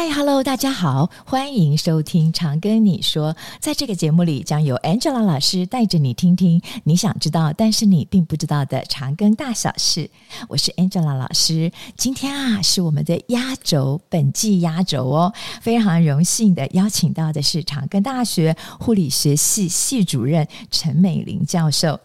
嗨，Hello，大家好，歡迎收聽《長庚你說》。在這個節目裡，將由 Angela 老師帶着你聽聽你想知道，但是你並不知道的長庚大小事。我是 Angela 老師，今天啊是我們的壓軸，本季壓軸哦，非常榮幸的邀請到的是長庚大學護理學系系主任陳美伶教授。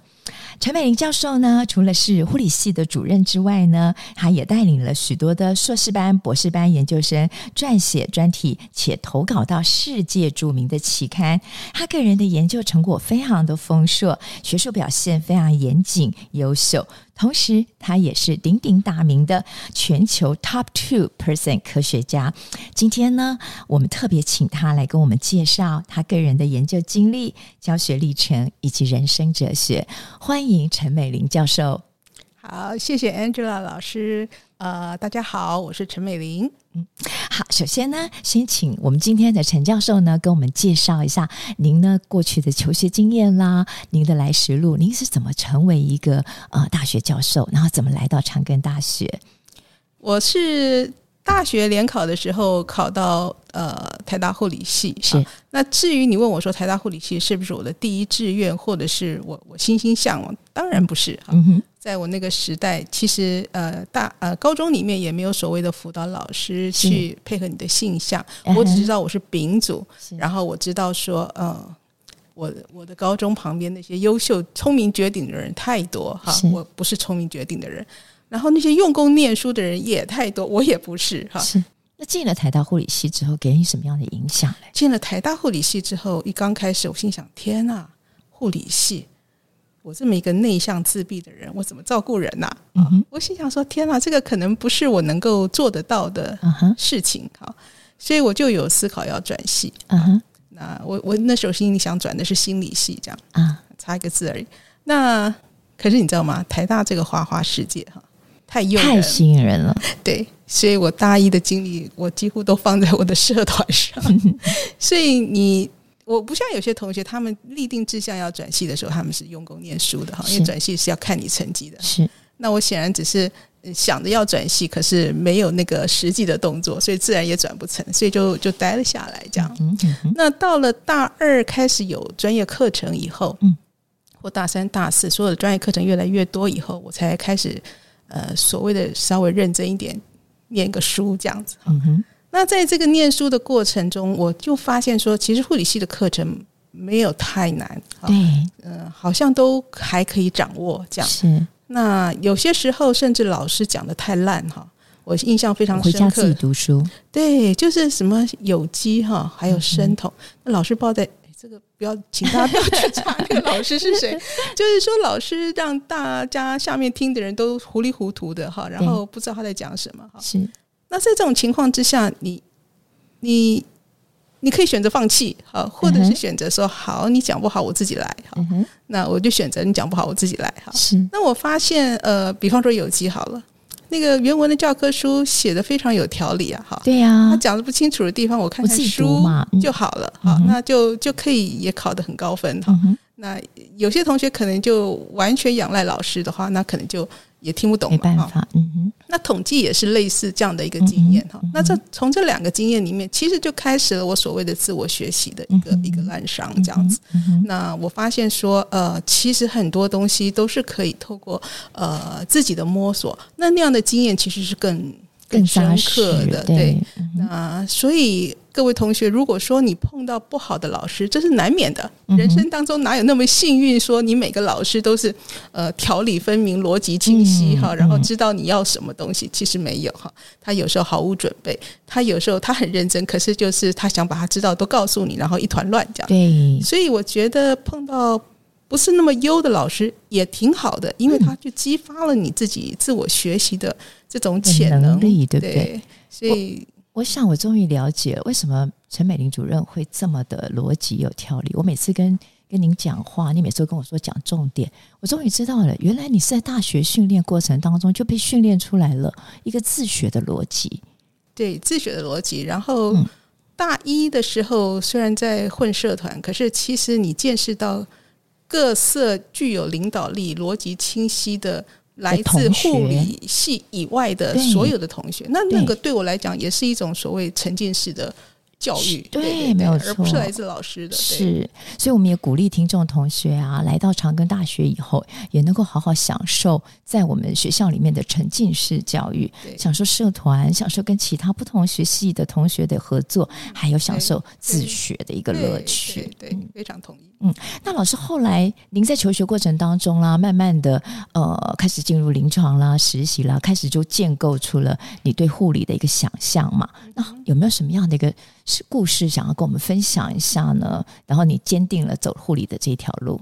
陳美伶教授呢，除了是護理系的主任之外呢，她也帶領了許多的碩士班、博士班研究生撰寫專題，且投稿到世界著名的期刊。她個人的研究成果非常的豐碩，學術表現非常嚴謹優秀。同時，他也是鼎鼎大名的全球 top two percent 科學家。今天呢，我們特別請他來跟我們介紹他個人的研究經歷、教學歷程以及人生哲學。歡迎陳美伶教授。好，謝謝 Angela 老師。呃，大家好，我是陳美伶。嗯，好，首先呢，先請我們今天的陳教授呢，跟我們介紹一下您呢過去的求學經驗啦，您的來時路，您是怎麼成為一個呃大學教授，然後怎麼來到長庚大學？我是。大學聯考的時候考到呃台大護理系是。那至於你問我說台大護理系是不是我的第一志願或者是我我心心向往當然不是哈，嗯、哼在我那個時代其實呃大呃高中裡面也沒有所謂的輔導老師去配合你的性向，是我只知道我是丙組，是然後我知道說嗯、呃、我我的高中旁邊那些優秀聰明絕頂的人太多哈，是我不是聰明絕頂的人。然後那些用功念書的人也太多，我也不是哈。是。那進了台大護理系之後，給你什麼樣的影響呢？進了台大護理系之後，一剛開始我心想：天吶，護理系，我這麼一個內向自閉的人，我怎麼照顧人吶、啊？嗯哼。我心想說：天吶，這個可能不是我能夠做得到的事情。哈，嗯哼，所以我就有思考要轉系。嗯哼。那我我那時候心裡想轉的是心理系，這樣啊，差一個字而已。那可是你知道嗎？台大這個花花世界哈。太誘人了，太吸引人了。對，所以我大一的精力我幾乎都放在我的社團上。嗯、所以你我不像有些同學，他們立定志向要轉系的時候，他們是用功念書的哈，是因為轉系是要看你成績的。是。那我顯然只是想着要轉系，可是沒有那個實際的動作，所以自然也轉不成。所以就就待了下來，這樣。嗯、那到了大二開始有專業課程以後，嗯，或大三、大四所有的專業課程越來越多以後，我才開始。呃，所謂的稍微認真一點念個書這樣子，嗯哼，那在這個念書的過程中，我就發現說，其實護理系的課程沒有太難，對，嗯、呃，好像都還可以掌握這樣。是。那有些時候甚至老師講得太爛哈，我印象非常深刻。回家自己讀書。對，就是什麼有機哈，還有生統，嗯、哼那老師抱在。這個不要，請大家不要去查 那個老師是誰。 就是說，老師讓大家下面聽的人都糊里糊塗的哈，然後不知道他在講什麼哈。是、嗯，那在這種情況之下，你你你可以選擇放棄，好，或者是選擇說、嗯哼好，你講不好，我自己來。哈。嗯哼那我就選擇你講不好，我自己來。哈，是。那我發現，呃，比方說有機好了。那個原文的教科書寫得非常有條理啊，哈，對呀、啊，他講得不清楚的地方，我看看書就好了，嗯、好，那就就可以也考得很高分哈。好嗯、哼那有些同學可能就完全仰賴老師的話，那可能就。也聽不懂，沒辦法。嗯哼，那統計也是類似這樣的一個經驗哈。嗯嗯、那這從這兩個經驗裡面，其實就開始了我所謂的自我學習的一個、嗯、哼一個濫觴這樣子。嗯嗯、那我發現說，呃，其實很多東西都是可以透過呃自己的摸索。那那樣的經驗其實是更。更，更深刻的對，對嗯、哼那所以各位同學，如果說你碰到不好的老師，這是難免的。人生當中哪有那麼幸運，說你每個老師都是、嗯、哼呃條理分明、邏輯清晰哈？嗯、然後知道你要什麼東西，其實沒有哈。他有時候毫無準備，他有時候他很認真，可是就是他想把他知道都告訴你，然後一團亂這樣。對，所以我覺得碰到。不是那麼優的老師也挺好的，因為他就激發了你自己自我學習的這種潛能，嗯、能力對不對？對，所以我，我想，我終於了解了為什麼陳美伶主任會這麼的邏輯有條理。我每次跟跟您講話，你每次都跟我說講重點，我終於知道了，原來你是在大學訓練過程當中就被訓練出來了一個自學的邏輯，對自學的邏輯。然後、嗯、大一的時候，雖然在混社團，可是其實你見識到。各色具有領導力、邏輯清晰的來自護理系以外的所有的同學，對 那那個對我來講也是一種所謂沉浸式的。教育對，對，對，對，沒有錯，而不是來自老師的。是，所以我們也鼓勵聽眾同學啊，來到長庚大學以後，也能夠好好享受在我們學校裡面的沉浸式教育，對享受社團，享受跟其他不同學系的同學的合作，對還有享受自學的一個樂趣。對，對，對，對，非常同意。嗯，那老師後來您在求學過程當中啦、啊，慢慢的呃開始進入臨床啦、實習啦，開始就建構出了你對護理的一個想象嘛？嗯、那有沒有什麼樣的一個？故事想要跟我們分享一下呢，然後你堅定了走護理的這條路。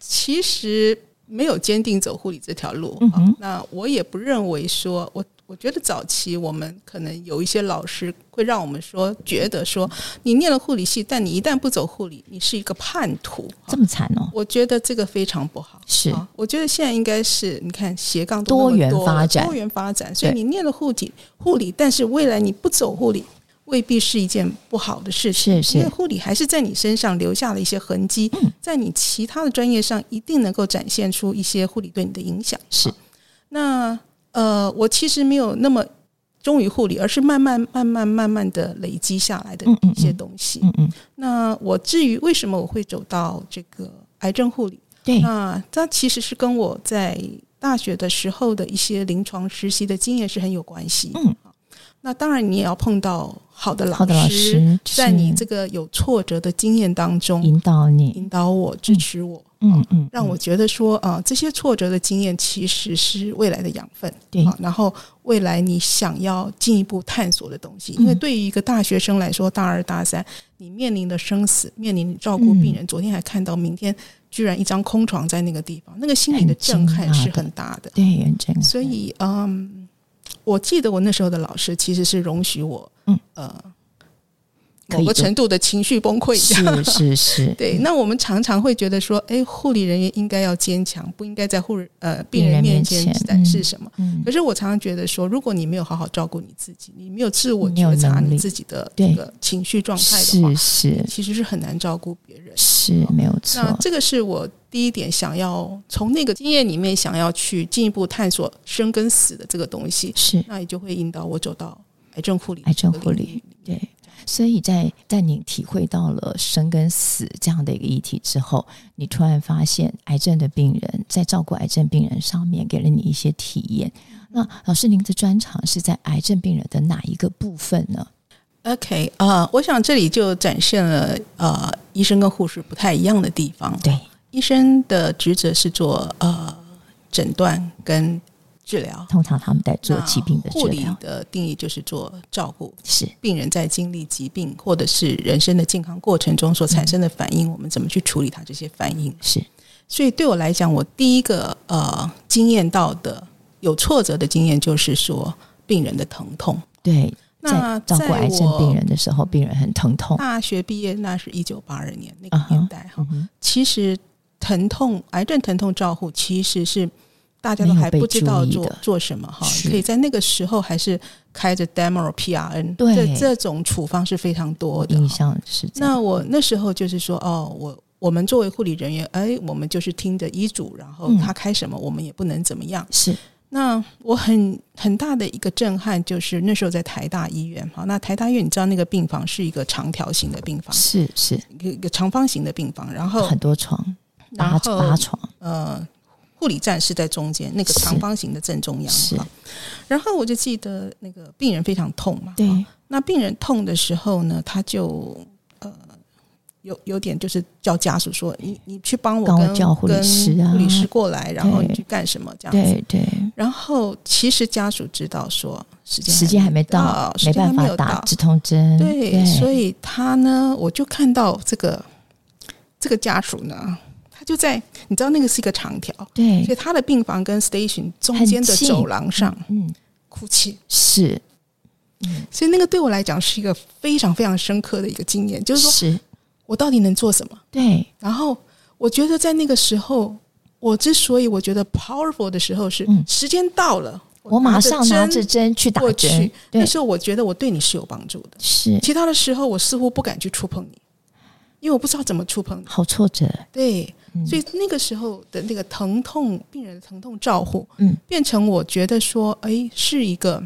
其實沒有堅定走護理這條路，嗯哼啊、那我也不認為說，我我覺得早期我們可能有一些老師會讓我們說，覺得說你念了護理系，但你一旦不走護理，你是一個叛徒。啊、這麼慘呢、哦？我覺得這個非常不好。是、啊，我覺得現在應該是你看斜槓多、多元發展，多元發展，所以你念了護理對護理，但是未來你不走護理。未必是一件不好的事情，是是因為護理還是在你身上留下了一些痕跡，是是在你其他的專業上一定能夠展現出一些護理對你的影響。是，是那，那呃，我其實沒有那麼忠於護理，而是慢慢、慢慢、慢慢的累積下來的一些東西。嗯嗯，嗯那，那我至於為什麼我會走到這個癌症護理，對那，那它其實是跟我在大學的時候的一些臨床實習的經驗是很有關係。嗯。那當然，你也要碰到好的老師，在你這個有挫折的經驗當中引導你，引導我，支持我，嗯嗯，讓、嗯嗯嗯啊、我覺得說，呃，這些挫折的經驗其實是未來的養分，對、啊。然後，未來你想要進一步探索的東西，因為對於一個大學生來說，嗯、大二、大三，你面臨的生死，面臨照顧病人，嗯、昨天還看到，明天居然一張空床在那個地方，那個心靈的震撼是很大的，很的對，所以，嗯。我記得我那時候的老師其實是容許我，嗯呃，某個程度的情緒崩潰，是是是， 對。那我們常常會覺得說，哎、欸，護理人員應該要堅強，不應該在護呃病人面前展示什麼。嗯、可是我常常覺得說，如果你沒有好好照顧你自己，嗯、你沒有自我覺察你自己的這個情緒狀態的話，是是，其實是很難照顧別人。是，是沒有錯，那這個是我。第一點，想要從那個經驗裡面想要去進一步探索生跟死的這個東西，是，那也就會引導我走到癌症護理。癌症護理，對。所以在在你體會到了生跟死這樣的一個議題之後，你突然發現癌症的病人在照顧癌症病人上面給了你一些體驗。那老師，您的專長是在癌症病人的哪一個部分呢？OK，啊，呃，我想這裡就展現了呃醫生跟護士不太一樣的地方。對。醫生的職責是做呃診斷跟治療，通常他們在做疾病的治療。護理的定義就是做照顧，是病人在經歷疾病是或者是人生的健康過程中所產生的反應，嗯、我們怎麼去處理他這些反應？是，所以對我來講，我第一個呃經驗到的有挫折的經驗就是說病人的疼痛，對，那在照顧癌症病人的時候，病人很疼痛。大學畢業那是一九八二年那個年代哈，uh huh, uh huh. 其實。疼痛，癌症疼痛照護，其實是大家都還不知道做做什麼哈是，可以在那個時候還是開着 Demerol PRN，對，這，這種處方是非常多的。印象是這樣，那我那時候就是說，哦，我我們作為護理人員，哎，我們就是聽着醫囑，然後他開什麼，嗯、我們也不能怎麼樣。是，那我很很大的一個震撼就是那時候在台大醫院，好，那台大醫院你知道那個病房是一個長條形的病房，是是，一個長方形的病房，然後很多床。打八床，呃，護理站是在中間那個長方形的正中央。是，是，然後我就記得那個病人非常痛嘛。對、啊。那病人痛的時候呢，他就呃，有有點就是叫家屬說：“你你去幫我跟，跟我叫護理師、啊，護理師過來，然後你去幹什麼？”這樣子。對對。對，然後其實家屬知道說時間時間還沒到，哦、沒，有沒辦法打止痛針。對，對，所以他呢，我就看到這個這個家屬呢。他就在，你知道那個是一個長條，對，所以他的病房跟 station 中間的走廊上，嗯，嗯，哭泣。是，嗯、所以那個對我來講是一個非常非常深刻的一個經驗，就是說是我到底能做什麼？對。然後我覺得在那個時候，我之所以我覺得 powerful 的時候是、嗯、時間到了，我，我馬上拿着針去打針。對。那時候我覺得我對你是有幫助的，是。其他的時候我似乎不敢去觸碰你，因為我不知道怎麼觸碰你。好挫折，對。所以那個時候的那個疼痛病人的疼痛照護，嗯、變成我覺得說，哎，是一個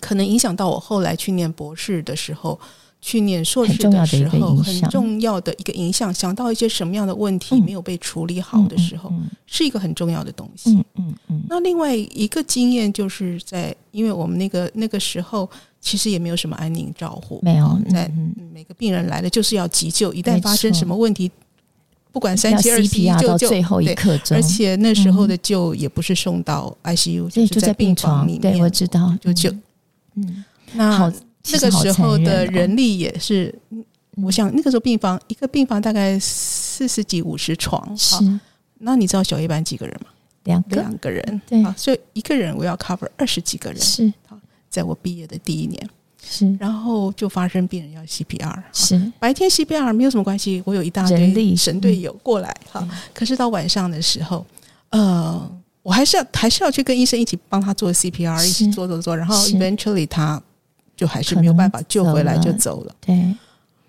可能影響到我後來去念博士的時候，去念碩士的時候很重要的一個影響，很重要的一個影響，想到一些什麼樣的問題沒有被處理好的時候，嗯、是一個很重要的東西。嗯嗯。嗯嗯嗯嗯，那另外一個經驗就是在，因為我們那個那個時候其實也沒有什麼安寧照護，沒有在、嗯、每個病人來了就是要急救，沒錯。一旦發生什麼問題。不管三七二十一，救最後一刻。而且那時候的救也不是送到 ICU，就是在病房裡面。對，我知道，就就。嗯，那那個時候的人力也是，我想那個時候病房一個病房大概四十幾、五十床是。那你知道小夜班幾個人嗎？兩個，兩個人。對啊，所以一個人我要 cover 二十幾個人是。好，在我畢業的第一年。是，然後就發生病人要 CPR，是、啊、白天 CPR 沒有什麼關係，我有一大堆神隊友過來哈。可是到晚上的時候，呃，我還是要還是要去跟醫生一起幫他做 CPR，是一起做做做，然後 eventually 他就還是沒有辦法救回來就走了。走了，對，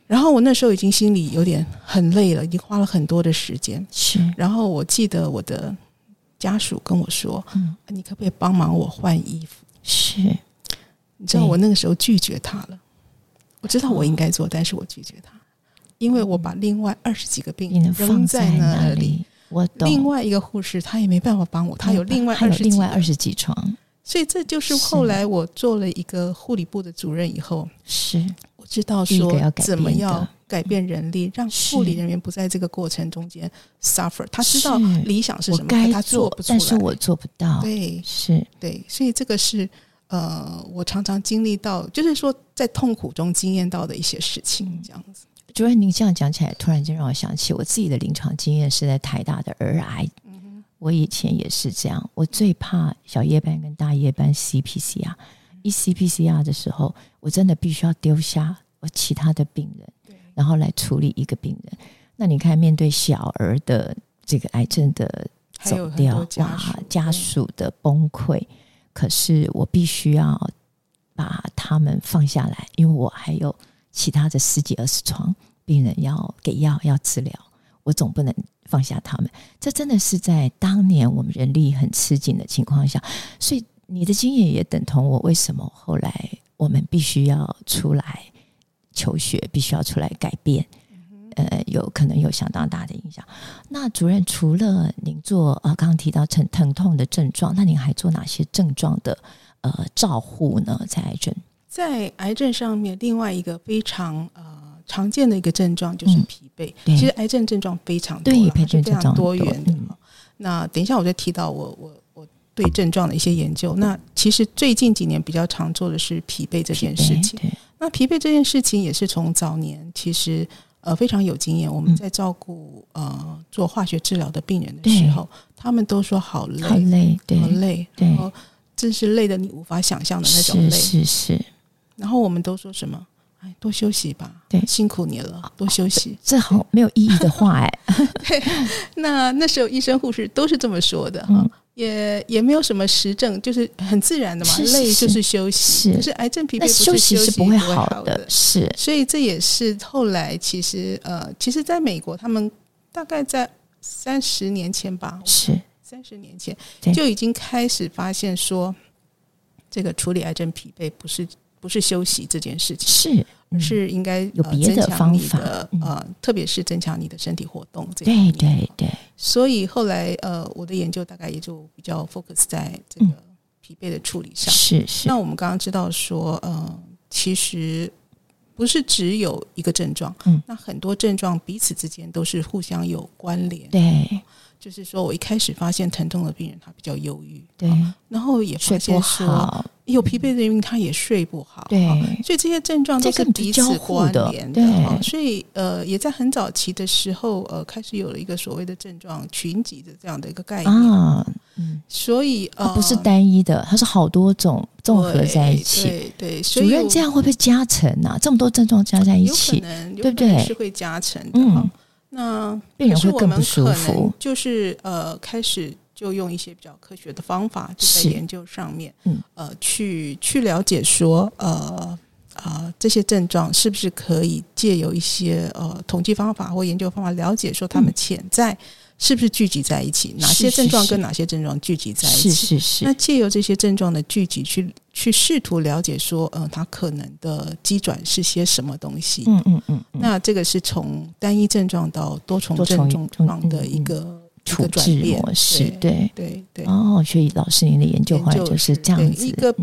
然後我那時候已經心裡有點很累了，已經花了很多的時間。是，然後我記得我的家屬跟我說：“嗯、啊，你可不可以幫忙我換衣服？”是。你知道我那個時候拒絕他了，對我知道我應該做，哦，但是我拒絕他，因為我把另外二十幾個病人放在那裡。裡我懂另外一個護士他也沒辦法幫我，他有另外二十幾個二十幾床，所以這就是後來我做了一個護理部的主任以後，是我知道說怎麼樣改變人力，是讓護理人員不在這個過程中間 suffer。他知道理想是什麼，該做他做不出來，但是我做不到。對，是對，所以這個是。呃，我常常經歷到，就是說在痛苦中經驗到的一些事情，這樣子。主任，您這樣講起來，突然間讓我想起我自己的臨床經驗是在台大的兒癌，嗯、哼我以前也是這樣。我最怕小夜班跟大夜班 CPCR，、嗯、哼一 CPCR 的時候，我真的必須要丟下我其他的病人，對然後來處理一個病人。那你看，面對小兒的這個癌症的走掉，哇，啊、家屬的崩潰。對嗯可是我必須要把他們放下來，因為我還有其他的十幾二十床病人要給藥要治療，我總不能放下他們。這真的是在當年我們人力很吃緊的情況下，所以你的經驗也等同我。為什麼後來我們必須要出來求學，必須要出來改變？呃，有可能有相當大的影響。那主任，除了您做呃、啊、剛剛提到疼疼痛的症狀，那您還做哪些症狀的呃照護呢？在癌症，在癌症上面，另外一個非常呃常見的一個症狀就是疲憊。嗯、其實癌症症狀非常多，對，非常多元的嘛。嗯、那等一下，我就提到我我我對症狀的一些研究。嗯、那其實最近幾年比較常做的是疲憊這件事情。疲憊，對，那疲憊這件事情也是從早年其實。呃，非常有經驗。我們在照顧、嗯、呃做化學治療的病人的時候，對他們都說好累，好累，對好累，對然後真是累得你無法想象的那種累。是是，是。然後我們都說什麼？哎，多休息吧。對辛苦你了，多休息。這好沒有意義的話，欸，哎 那那時候醫生護士都是這麼說的哈。嗯也也沒有什麼實證，就是很自然的嘛，是是是，累就是休息，是，是，可是癌症疲憊不是休息是不會好的，是，好的是，所以這也是後來其實呃，其實在美國，他們大概在三十年前吧，是三十年前對就已經開始發現說，這個處理癌症疲憊不是。不是休息這件事情，是、嗯、是應該、呃、有別的方法，的嗯、呃，特別是增強你的身體活動。對對對，對對所以後來呃，我的研究大概也就比較 focus 在這個疲憊的處理上。是、嗯、是，是那我們剛剛知道說，呃，其實不是只有一個症狀，嗯，那很多症狀彼此之間都是互相有關聯。對。就是說，我一開始發現疼痛的病人，他比較憂鬱，對、啊，然後也睡不好。有疲憊的因為他也睡不好，對、啊，所以這些症狀都是彼此關聯的，的啊、所以呃，也在很早期的時候，呃，開始有了一個所謂的症狀群集的這樣的一個概念啊，嗯、所以呃、啊、不是單一的，它是好多種綜合在一起，對，對對所以主任這樣會不會加成呢、啊？這麼多症狀加在一起，有可能，有可能對不對？是會加成的，嗯。那病人會更不舒服。就是呃，開始就用一些比較科學的方法，就在研究上面，嗯，呃，去去了解說，呃呃，這些症狀是不是可以借由一些呃統計方法或研究方法，了解說他們潛在。嗯是不是聚集在一起？哪些症狀跟哪些症狀聚集在一起？是是是。那借由這些症狀的聚集去，去去試圖了解說，呃，它可能的機轉是些什麼東西？嗯嗯嗯。嗯嗯那這個是從單一症狀到多重症狀的一個一轉、嗯嗯嗯、模式。對對、嗯嗯嗯、對。對對對哦，所以老師您的研究方法就是這樣子。一個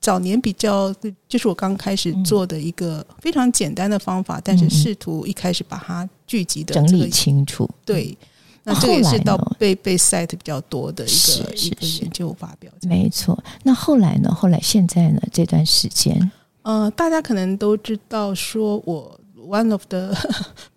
早年比較，嗯、就是我剛開始做的一個非常簡單的方法，嗯嗯、但是試圖一開始把它聚集的、這個、整理清楚。對。那這個也是到被被曬的比較多的一個一個研究發表，沒錯。那後來呢？後來現在呢？這段時間，呃，大家可能都知道，說我 one of the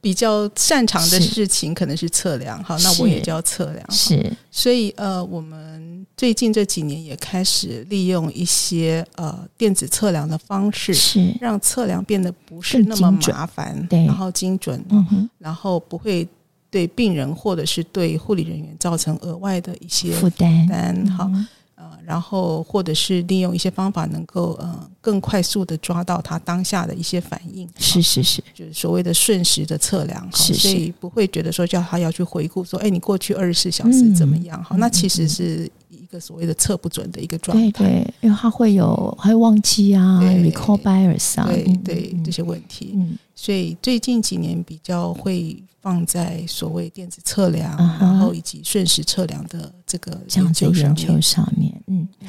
比較擅長的事情可能是測量，是好，那我也叫測量，是。所以呃，我們最近這幾年也開始利用一些呃電子測量的方式，是讓測量變得不是那麼麻煩，對，然後精準，嗯、哼然後不會，對病人或者是對護理人員造成額外的一些負擔，好，呃，然後或者是利用一些方法，能夠嗯更快速的抓到他當下的一些反應，是是是，就是所謂的瞬時的測量，是，是，不會覺得說叫他要去回顧說，哎，你過去二十四小時怎麼樣？哈，那其實是一個所謂的測不準的一個狀態，對，因為他會有還有忘記啊，recall bias 啊，對對，這些問題。所以最近幾年比較會放在所謂電子測量，然後、uh huh、以及瞬時測量的這個這樣子研究上面。嗯，嗯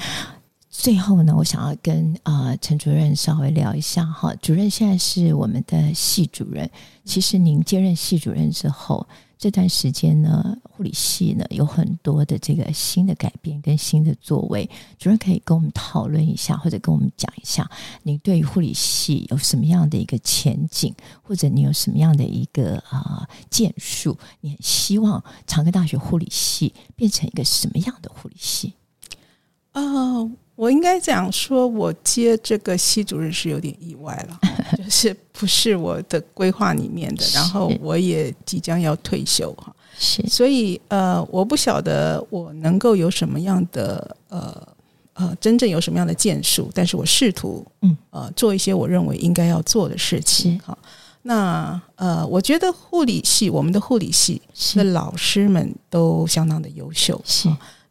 最後呢，我想要跟啊陳、呃、主任稍微聊一下哈，主任現在是我們的系主任，嗯、其實您接任系主任之後。這段時間呢，護理系呢有很多的這個新的改變跟新的作為，主任可以跟我們討論一下，或者跟我們講一下，你對於護理系有什麼樣的一個前景，或者你有什麼樣的一個啊、呃、建樹？你很希望長庚大學護理系變成一個什麼樣的護理系？啊。哦我應該講說，我接這個系主任是有點意外了，就是不是我的規劃裡面的。然後我也即將要退休哈，是，所以呃，我不曉得我能夠有什麼樣的呃呃，真正有什麼樣的建樹，但是我試圖嗯呃做一些我認為應該要做的事情。那呃，我覺得護理系我們的護理系的老師們都相當的優秀。是。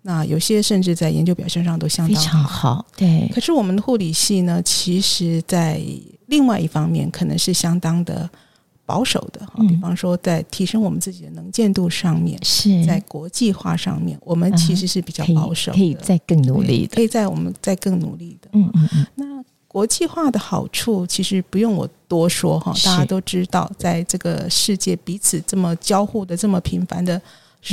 那有些甚至在研究表現上都相當好，非常好，對。可是我們的護理系呢，其實，在另外一方面，可能是相當的保守的。嗯、比方說，在提升我們自己的能見度上面，是在國際化上面，我們其實是比較保守的，啊，可以再更努力的，可以在我們再更努力的。嗯嗯嗯。那國際化的好處，其實不用我多說哈，是大家都知道，在這個世界彼此這麼交互的這麼頻繁的。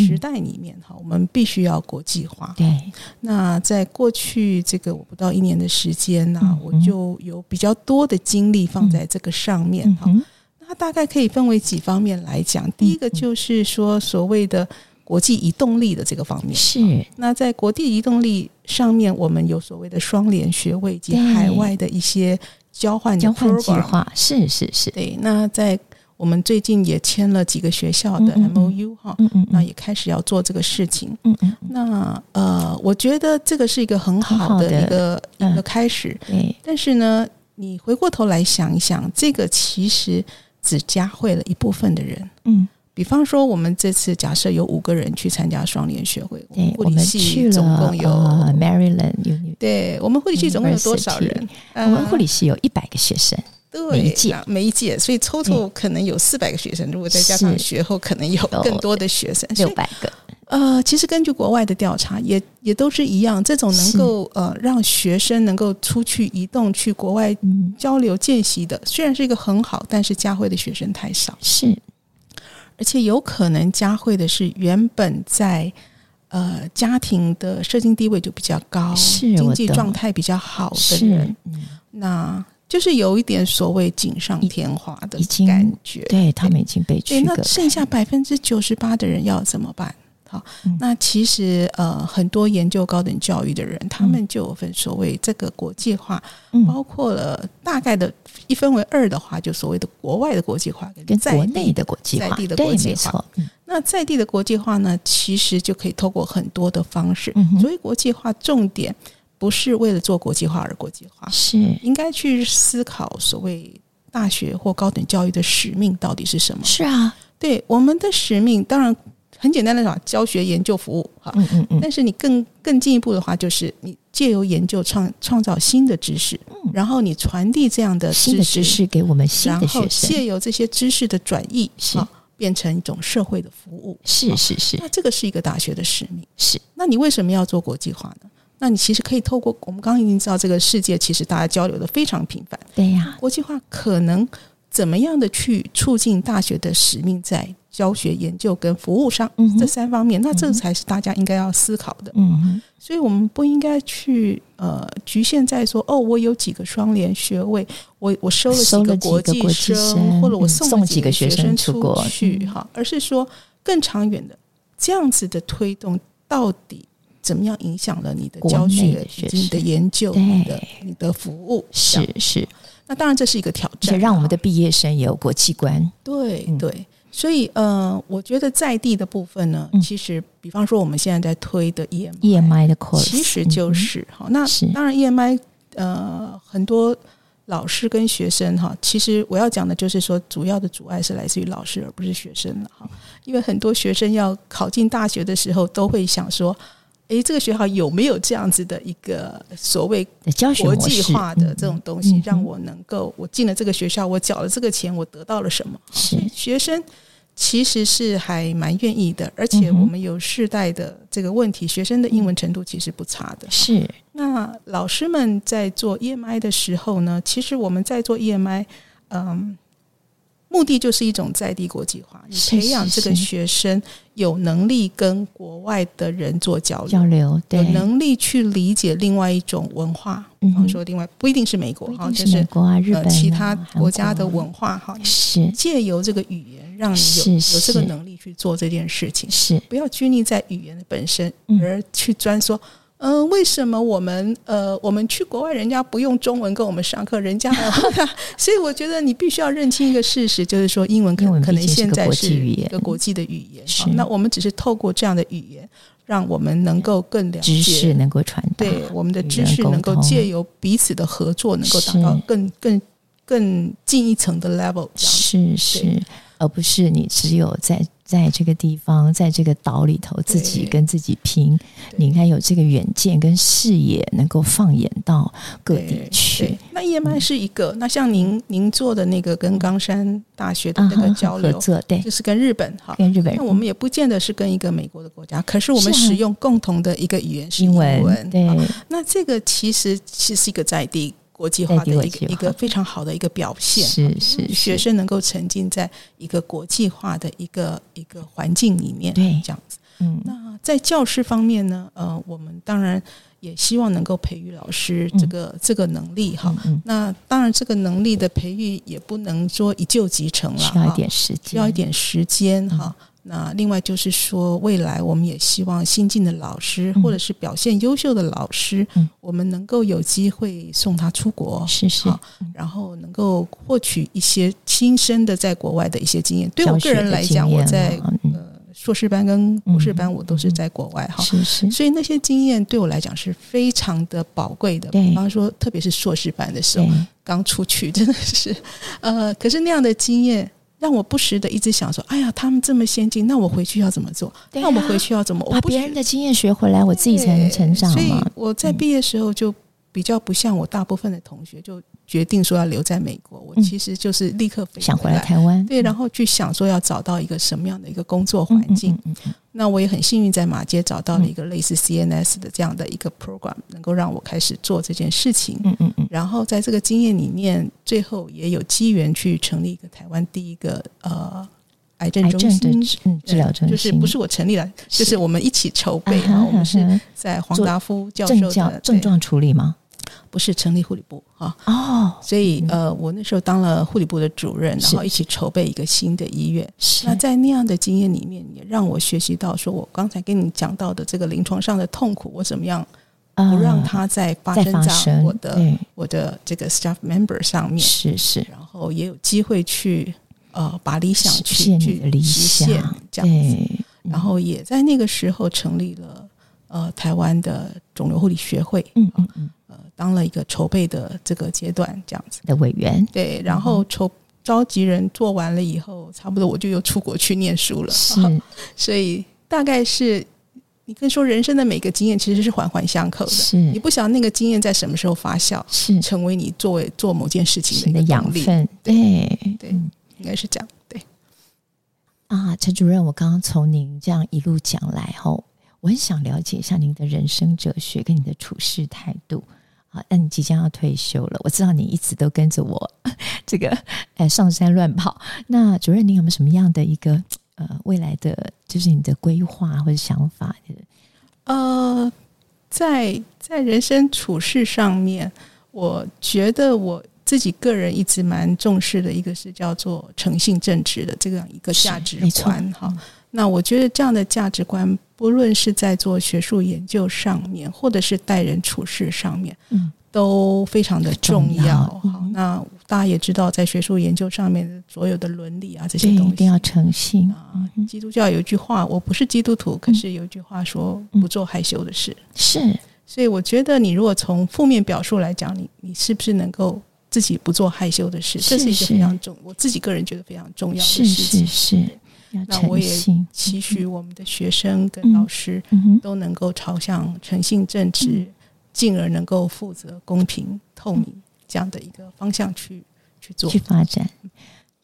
時代裡面哈，嗯、我們必須要國際化。對，那在過去這個我不到一年的時間呢、啊，嗯、哼我就有比較多的精力放在這個上面哈。嗯、哼那它大概可以分為幾方面來講，第一個就是說所謂的國際移動力的這個方面是。那在國際移動力上面，我們有所謂的雙聯學位以及海外的一些交換的交換計劃，是是是。對，那在。我們最近也簽了幾個學校的 MOU 哈，那也開始要做這個事情。那呃，我覺得這個是一個很好的一個一個開始。但是呢，你回過頭來想一想，這個其實只加會了一部分的人。嗯，比方說我們這次假設有五個人去參加雙聯學會，我們護理系總共有 Maryland，對，我們護理系總共有多少人？我們護理系有一百個學生。一，對，每屆，所以抽抽可能有四百個學生，嗯、如果再加上學後，可能有更多的學生六百是以個。呃，其實根據國外的調查，也也都是一樣，這種能夠是呃讓學生能夠出去移動去國外交流見習的，嗯、雖然是一個很好，但是嘉惠的學生太少。是，而且有可能嘉惠的是原本在呃家庭的社經地位就比較高，是經濟狀態比較好的人，是嗯、那。就是有一點所謂錦上添花的感覺，對，對他們已經被了。那剩下百分之九十八的人要怎麼辦？好，嗯、那其實呃，很多研究高等教育的人，他們就有分所謂這個國際化，嗯、包括了大概的一分為二的話，就所謂的國外的國際化跟國內的國際在地的國際化。對，際化對，沒錯。嗯、那在地的國際化呢，其實就可以透過很多的方式。嗯、哼所以國際化重點。不是為了做國際化而國際化，是應該去思考所謂大學或高等教育的使命到底是什麼？是啊，對我們的使命，當然很簡單的講，教學、研究、服務，哈，嗯嗯，嗯但是你更更進一步的話，就是你借由研究創創造新的知識，嗯、然後你傳遞這樣的知識，新的知識給我們新的學生，然後借由這些知識的轉移，是、哦、變成一種社會的服務，是是是、哦。那這個是一個大學的使命，是？那你為什麼要做國際化呢？那你其實可以透過我們剛剛已經知道，這個世界其實大家交流的非常頻繁，對呀，國際化可能怎麼樣的去促進大學的使命，在教學研究跟服務上，嗯哼，這三方面，那這才是大家應該要思考的，嗯哼，所以我們不應該去呃局限在說哦，我有幾個雙聯學位，我我收了幾個國際生，國際生或者我送了幾個學生出去，嗯、送幾個學生出國去，嗯，而是說更長遠的這樣子的推動到底。怎麼樣影響了你的教學、是是你的研究、對你的你的服務？是是。那當然，這是一個挑戰，而且讓我們的畢業生也有國際觀。對、嗯、對，所以呃，我覺得在地的部分呢，嗯、其實比方說我們現在在推的 EMI、EMI 的課程，其實就是哈、嗯。那是當然 EMI 呃，很多老師跟學生哈，其實我要講的就是說，主要的阻礙是來自於老師，而不是學生了哈。因為很多學生要考進大學的時候，都會想說。誒，這個學校有沒有這樣子的一個所謂國際化的這種東西，讓我能夠我進了這個學校，我繳了這個錢，我得到了什麼？是，學生其實是還蠻願意的，而且我們有世代的這個問題，學生的英文程度其實不差的。是，那老師們在做 EMI 的時候呢，其實我們在做 EMI，嗯。目的就是一種在地國際化，你培養這個學生有能力跟國外的人做交流，是是是交流，對，有能力去理解另外一種文化。比方、嗯、說另外不一定是美國，哈，就是美國啊、呃、日本、啊、其他國家的文化，哈、啊，是借由這個語言，讓你有是是有這個能力去做這件事情，是不要拘泥在語言的本身而去專說。嗯嗯，為什麼我們呃，我們去國外，人家不用中文跟我們上課，人家 所以我覺得你必須要認清一個事實，就是說英文可能，英文可能現在是一個國際語言，一個國際的語言。是、嗯、那我們只是透過這樣的語言，讓我們能夠更了解，知識能夠傳達對我們的知識，能夠借由彼此的合作，能夠達到更是更更進一層的 level。是是。而不是你只有在在這個地方，在這個島裡頭自己跟自己拼。你應該有這個遠見跟視野，能夠放眼到各地去。那燕曼是一個。嗯、那像您您做的那個跟岡山大學的那個交流，啊、對，就是跟日本哈，好跟日本。那我們也不見得是跟一個美國的國家，可是我們使用共同的一個語言是英文。啊、英文對，那這個其實,其實是一個在地。國際化的一個一個非常好的一個表現，是是，是，學生能夠沉浸在一個國際化的一個一個環境裡面，對，這樣子。嗯，那在教師方面呢？呃，我們當然也希望能夠培育老師這個、嗯、這個能力哈、嗯。那當然，這個能力的培育也不能說一蹴即成了，需要一點時間，需要一點時間哈。嗯那另外就是說，未來我們也希望新進的老師或者是表現優秀的老師，我們能夠有機會送他出國，是是，然後能夠獲取一些親身的在國外的一些經驗。對我個人來講，我在呃碩士班跟博士班我都是在國外哈，是是，所以那些經驗對我來講是非常的寶貴的。比方說，特別是碩士班的時候，剛出去真的是，呃，可是那樣的經驗。但我不時的一直想說，哎呀，他們這麼先進，那我回去要怎麼做？啊、那我回去要怎麼把別人的經驗學回來？我自己才能成長。所以我在畢業時候就比較不像我大部分的同學、嗯、就。決定說要留在美國，我其實就是立刻想回來台灣，對，然後去想說要找到一個什麼樣的一個工作環境。那我也很幸運在馬偕找到了一個類似 CNS 的這樣的一個 program，能夠讓我開始做這件事情。嗯嗯嗯。然後在這個經驗裡面，最後也有機緣去成立一個台灣第一個呃癌症中心治療中心，就是不是我成立了，就是我們一起籌備。然後我們是在黃達夫教授的症狀處理嗎？不是成立護理部啊，哦，所以呃，我那時候當了護理部的主任，是，然後一起籌備一個新的醫院。是，那在那樣的經驗裡面，也讓我學習到，說我剛才跟你講到的這個臨床上的痛苦，我怎麼樣不讓他再發生在我的我的這個 staff member 上面。是是，是然後也有機會去呃把理想去謝謝，理想去實現這樣子。欸嗯，然後也在那個時候成立了呃台灣的腫瘤護理學會。嗯嗯嗯。嗯嗯當了一個籌備的這個階段，這樣子的委員，對，然後籌、嗯、哼召集人做完了以後，差不多我就又出國去念書了。是， 所以大概是你可以說人生的每個經驗其實是環環相扣的。是，你不曉得那個經驗在什麼時候發酵，是成為你作為做某件事情的,的養分。對，哎、對，嗯、應該是這樣。對，啊，陳主任，我剛剛從您這樣一路講來後、哦，我很想了解一下您的人生哲學跟你的處事態度。啊，那你即將要退休了，我知道你一直都跟着我，這個呃、哎、上山亂跑。那主任，你有沒有什麼樣的一個呃未來的，就是你的規劃或者想法？呃，在在人生處事上面，我覺得我自己個人一直蠻重視的，一個是叫做誠信正直的這樣一個價值觀哈，那我覺得這樣的價值觀。不論是在做學術研究上面，或者是待人處事上面，嗯，都非常的重要。重要。嗯、好，那大家也知道，在學術研究上面所有的倫理啊這些東西一定要誠信啊。基督教有一句話，我不是基督徒，嗯、可是有一句話說，不做害羞的事。嗯嗯、是，所以我覺得你如果從負面表述來講，你你是不是能夠自己不做害羞的事？這是一個非常重，是是我自己個人覺得非常重要的事情。是，是，是。要誠信，那我也期許我們的學生跟老師都能夠朝向誠信正直，進而能夠負責、公平、透明這樣的一個方向去去做、去發展。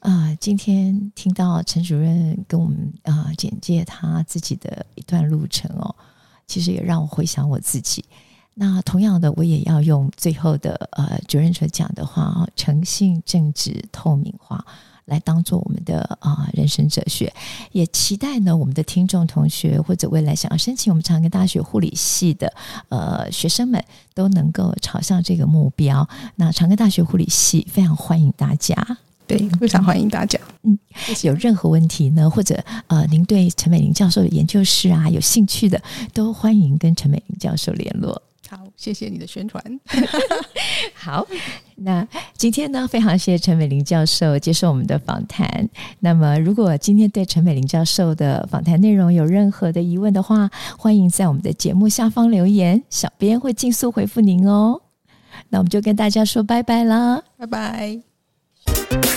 啊、呃，今天聽到陳主任跟我們啊、呃、簡介他自己的一段路程哦，其實也讓我回想我自己。那同樣的，我也要用最後的呃主任所講的話啊：誠信、正直、透明化。來當做我們的啊、呃、人生哲學，也期待呢我們的聽眾同學或者未來想要申請我們長庚大學護理系的呃學生們都能夠朝向這個目標。那長庚大學護理系非常歡迎大家，對，對非常歡迎大家。嗯，有任何問題呢，或者呃您對陳美伶教授的研究室啊有興趣的，都歡迎跟陳美伶教授聯絡。好，謝謝你的宣傳。 好，那今天呢，非常謝謝陳美伶教授接受我們的訪談。那麼，如果今天對陳美伶教授的訪談內容有任何的疑問的話，歡迎在我們的節目下方留言，小編會盡速回復您哦。那我們就跟大家說拜拜啦，拜拜。